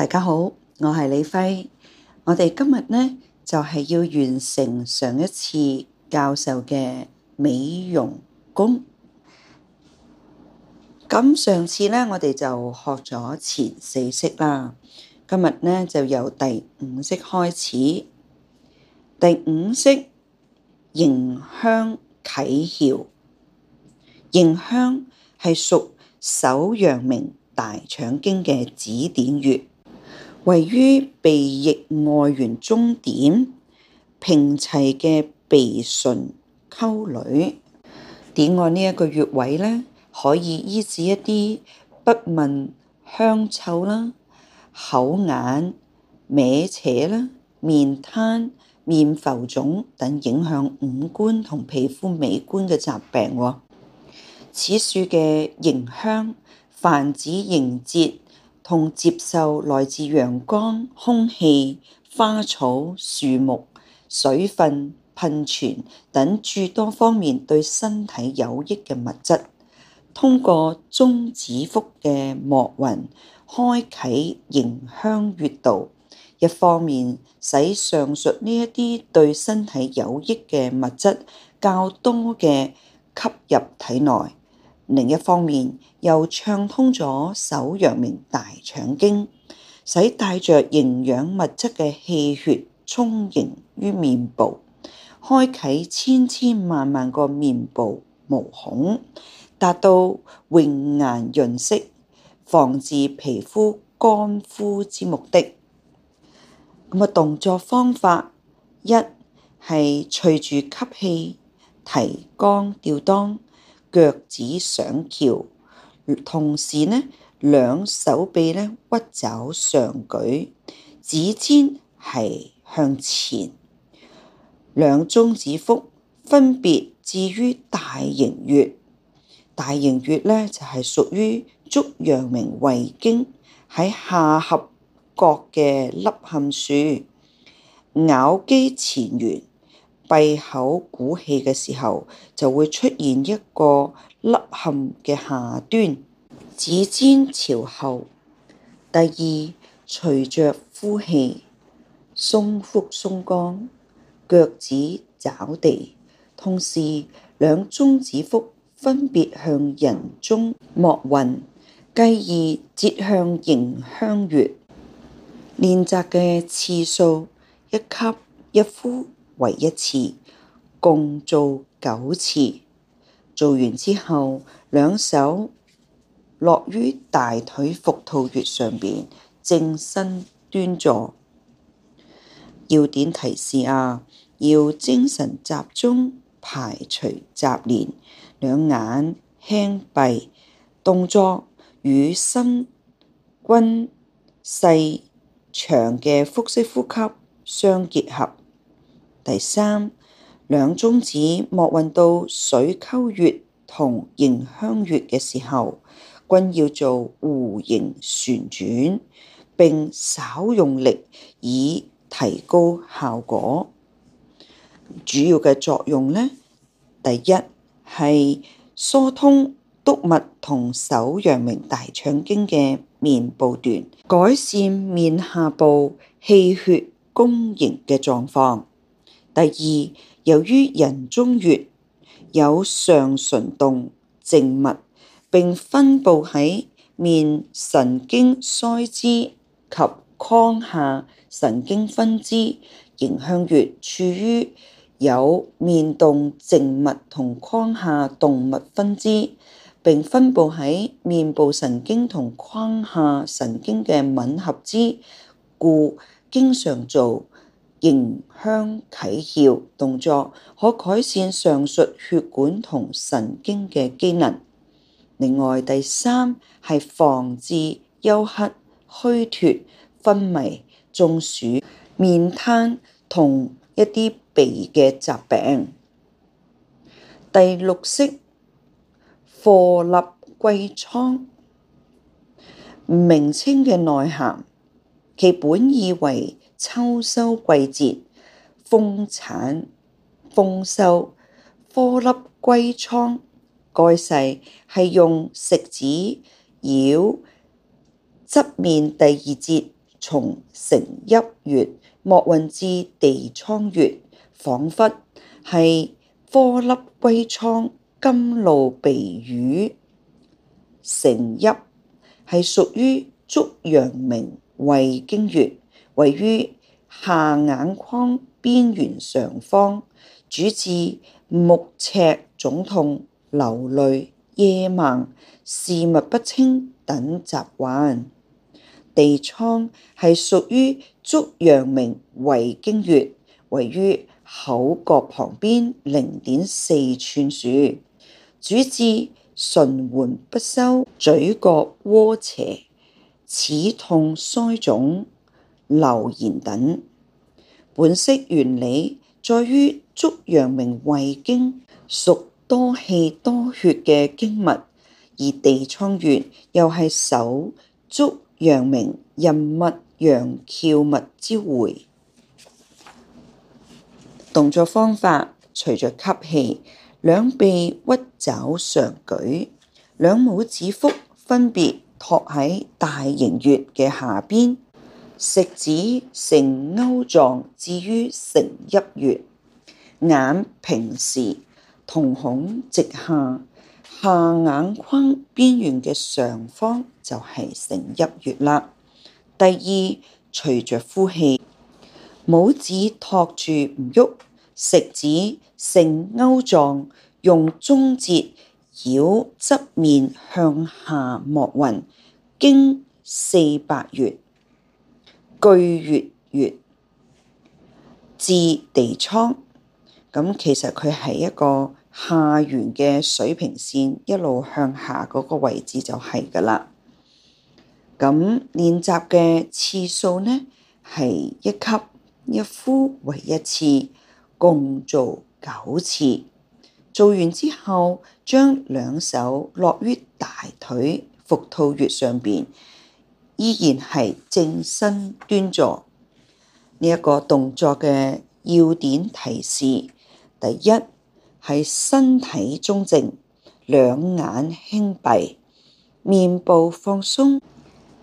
大家好，我係李輝。我哋今日呢就係要完成上一次教授嘅美容功。咁上次呢，我哋就學咗前四式啦。今日呢就由第五式開始。第五式：迎香啟竅，迎香係屬手陽明大腸經嘅指點穴。位於鼻翼外緣中點平齊嘅鼻唇溝裏，點按呢一個穴位咧，可以醫治一啲不聞香臭啦、口眼歪斜啦、面癱、面浮腫等影響五官同皮膚美觀嘅疾病。此處嘅迎香，泛指迎接，同接受來自陽光、空氣、花草、樹木、水分、噴泉等諸多方面對身體有益嘅物質，通過中指腹嘅墨雲開啓迎香穴道，一方面使上述呢一啲對身體有益嘅物質較多嘅吸入體內。另一方面又暢通咗手陽明大腸經，使帶着營養物質嘅氣血充盈於面部，開啟千千萬萬個面部毛孔，達到榮顏潤色、防治皮膚乾枯之目的。咁啊，動作方法一係隨住吸氣提肛吊襠。腳趾上翹，同時呢兩手臂呢屈肘上舉，指尖係向前，兩中指腹分別置於大迎穴。大迎穴呢就係、是、屬於足陽明胃經喺下頜角嘅凹陷處，咬肌前緣。閉口鼓氣嘅時候，就會出現一個凹陷嘅下端，指尖朝後。第二，隨着呼氣，鬆腹鬆肛，腳趾抓地，同時兩中指腹分別向人中莫、摩運，繼而折向迎香穴。練習嘅次數，一吸一呼。為一次，共做九次。做完之後，兩手落於大腿伏兔穴上邊，正身端坐。要點提示啊，要精神集中，排除雜念，兩眼輕閉，動作與深勻細長嘅腹式呼吸相結合。第三，兩中指莫運到水溝穴同迎香穴嘅時候，均要做弧形旋轉，並少用力，以提高效果。主要嘅作用呢，第一係疏通督脈同手陽明大腸經嘅面部段，改善面下部氣血供應嘅狀況。第二，由於人中穴有上唇動靜脈，並分布喺面神經腮支及眶下神經分支，迎香穴處於有面動靜脈同眶下動脈分支，並分布喺面部神經同眶下神經嘅吻合支，故經常做。迎香啟竅動作可改善上述血管同神經嘅機能。另外，第三係防治休克、虛脱、昏迷、中暑、面癱同一啲鼻嘅疾病。第六式貨立櫃倉名稱嘅內涵，其本意為。秋收季節，豐產豐收，顆粒歸倉。蓋世係用食指繞側面第二節，從承泣穴，莫運至地倉穴，仿佛係顆粒歸倉。金露被雨承泣係屬於足陽明胃經穴。位於下眼眶邊緣上方，主治目赤、腫痛、流淚、夜盲、視物不清等疾患。地倉係屬於足陽明胃經穴，位於口角旁邊零點四寸處，主治唇緩不收、嘴角窩斜、齒痛腫、腮腫。留言等，本式原理在於足陽明胃經，屬多氣多血嘅經脈，而地倉穴又係手足陽明任脈、陽蹻脈之會。動作方法：隨着吸氣，兩臂屈肘上舉，兩拇指腹分別托喺大型穴嘅下邊。食指成勾狀，置於承泣穴，眼平時瞳孔直下，下眼眶邊緣嘅上方就係承泣穴啦。第二，隨着呼氣，拇指托住唔喐，食指成勾狀，用中節繞側面向下抹勻經四白穴。巨月月至地倉，咁其實佢係一個下緣嘅水平線，一路向下嗰個位置就係噶啦。咁練習嘅次數呢？係一吸一呼為一次，共做九次。做完之後，將兩手落於大腿伏兔穴上邊。依然係正身端坐，呢一個動作嘅要點提示。第一係身體中正，兩眼輕閉，面部放鬆。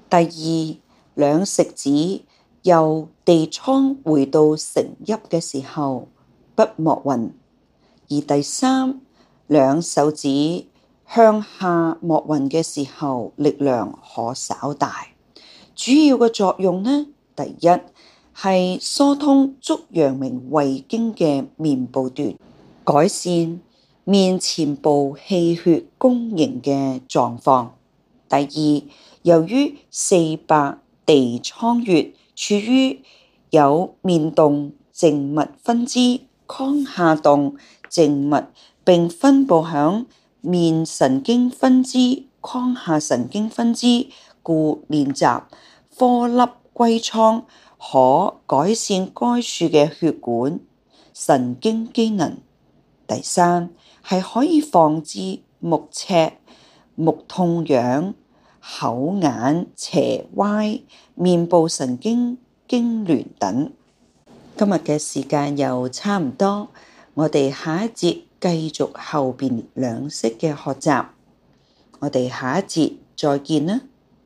第二兩食指由地倉回到承泣嘅時候不摩運，而第三兩手指向下摩運嘅時候力量可稍大。主要嘅作用呢，第一係疏通足陽明胃經嘅面部段，改善面前部氣血供應嘅狀況。第二，由於四白地倉穴處於有面動靜脈分支眶下動靜脈，並分佈響面神經分支眶下神經分支。故練習顆粒歸倉，可改善該處嘅血管神經機能。第三係可以防止目赤、目痛癢、口眼斜歪、面部神經痙攣等。今日嘅時間又差唔多，我哋下一節繼續後邊兩式嘅學習。我哋下一節再見啦！